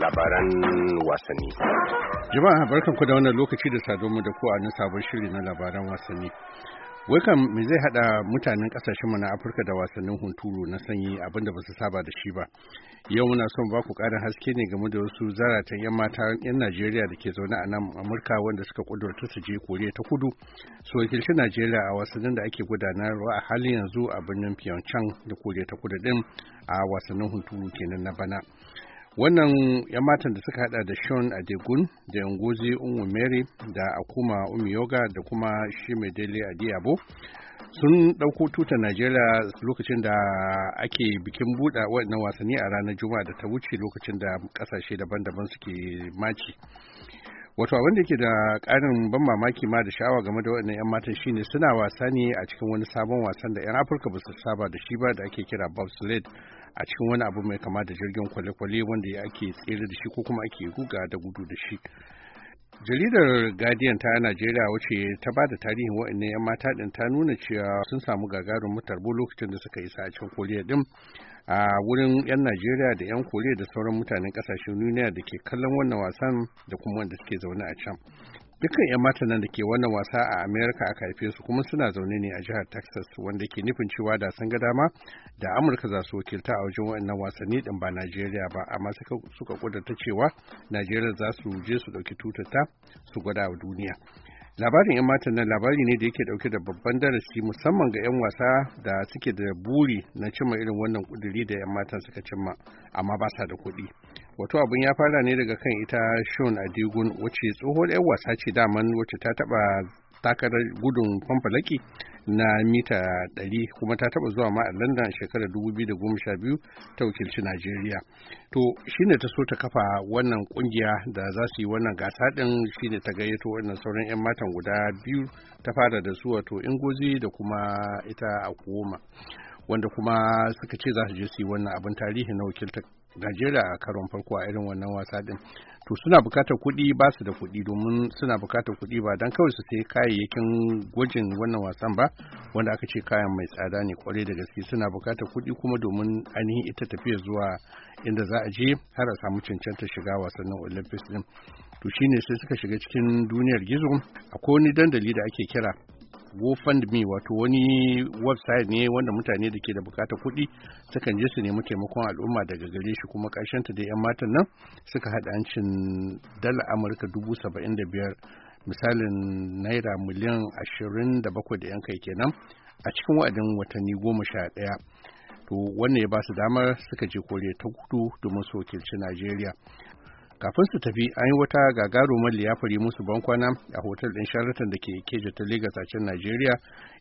labaran wasanni. Jama'a ku da wannan lokaci da saduwa da ku a na sabon shiri na labaran wasanni. Wekan me zai hada mutanen mu na Afirka da wasannin hunturu na sanyi abinda ba su saba da shi ba. Yau muna son ba ku karin haske ne game da wasu zaratan 'yan mata 'yan Najeriya da ke zaune a nan Amurka wanda suka kudurta su je Koriya ta Kudu su wakilci Najeriya a wasannin da ake gudanarwa a halin yanzu a birnin Pyeongchang da Koriya ta Kudu din a wasannin hunturu kenan na bana. wannan yan matan da suka hada da a degun da yangozi umu mary da akuma yoga da kuma shimedele adiyabo sun dauko tutar najeriya lokacin da ake bikin buɗe waɗannan wasanni a ranar juma'a da ta wuce lokacin da ƙasashe daban-daban suke maci wato abin da ke da karin ban mamaki ma da sha'awa game da waɗannan 'yan matan shine suna wasa ne a cikin wani sabon wasan da 'yan afirka ba su saba da shi ba da ake kira bobsled a cikin wani abu mai kama da jirgin kwale-kwale wanda ya ake tsere da shi ko kuma ake guga da gudu da shi jaridar guardian ta najeriya wace ta ba da tarihin wa'annan 'yan mata din ta nuna cewa sun samu gagarin mutarbo lokacin da suka isa a cikin koliya din a wurin 'yan najeriya da 'yan koliya da sauran mutanen kasashen duniya da ke kallon wannan wasan da kuma wanda suke zaune a can dukkan 'yan mata nan da ke wannan wasa a amerika a haife su kuma suna zaune ne a jihar texas wanda ke nufin cewa da sun ga dama da amurka za su wakilta a wajen wannan wasanni din ba najeriya ba amma suka kudurta cewa najeriya za su je su dauki tutata su gwada wa duniya labarin 'yan matan nan labari ne da yake dauke da babban darasi musamman ga 'yan wasa da suke da buri na cimma irin wannan kuduri da 'yan matan suka cimma amma ba sa da kuɗi wato abin ya fara ne daga kan ita shon adigun wacce tsohon 'yan wasa ce daman wacce ta taba takarar gudun kwamfalaki na mita 100 kuma ta taba zuwa ma a london shekarar 2012 ta wakilci najeriya to shine ta so ta kafa wannan kungiya da za su yi wannan gasa din shine ta gayyato wannan sauran 'yan matan guda biyu ta fara da su wato ingozi da kuma ita a koma wanda kuma suka ce za su je su yi wannan abin tarihi na wakiltar Najeriya a karon farko a irin wannan wasa din to suna bukatar kuɗi ba su da kuɗi domin suna bukatar kuɗi ba don kawai su sai kayayyakin gwajin wannan wasan ba wanda aka ce kayan mai tsada ne kwarai da gaske suna bukatar kuɗi kuma domin ainihin ita tafiya zuwa inda za a je har a samu cancanta shiga wasannin olympics din to shine sai suka shiga cikin duniyar gizo akwai wani dandali da ake kira GoFundMe wato wani website ne wanda mutane da ke da bukatar kuɗi sukan je su nemi taimakon al'umma daga gare shi kuma ta da 'yan matan nan suka haɗa hancin dala Amurka dubu saba'in da biyar misalin naira miliyan ashirin da bakwai da 'yan kai kenan a cikin wa'adin watanni goma sha ɗaya. To wannan ya ba su damar suka je kore ta kudu domin su Najeriya. kafin su tafi an yi wata gagarumar liyafari musu bankwana a hotel ɗin sharatan da ke keja ta Legas a can Najeriya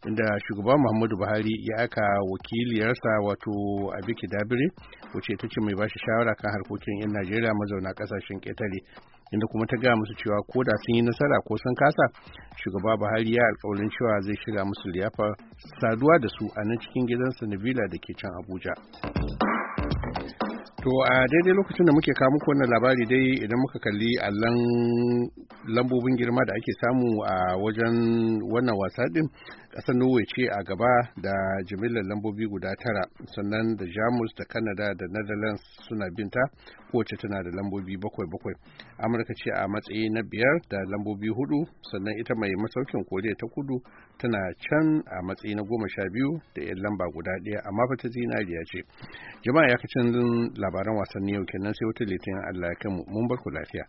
inda shugaban Muhammadu Buhari ya aka wakiliyarsa wato Abiki Dabire wacce ta ce mai bashi shawara kan harkokin 'yan Najeriya mazauna ƙasashen ƙetare inda kuma ta gaya musu cewa ko da sun yi nasara ko sun kasa shugaba Buhari ya alƙawarin cewa zai shiga musu liyafar saduwa da su a nan cikin gidansa Nabila da ke can Abuja. to a daidai lokacin da muke kawo muku wannan labari dai idan muka kalli allon lambobin girma da ake samu a wajen wannan wasa din kasar norway ce a gaba da jimillar lambobi guda tara sannan da jamus da canada da netherlands suna binta kowace tana da lambobi bakwai bakwai amurka ce a matsayi na biyar da lambobi hudu sannan ita mai masaukin koriya ta kudu tana can a matsayi na goma sha biyu da yan lamba guda ɗaya amma fata zinariya ce jama'a ya kacin labaran wasanni yau kenan sai wata litinin Allah ya mu mun bar ku lafiya.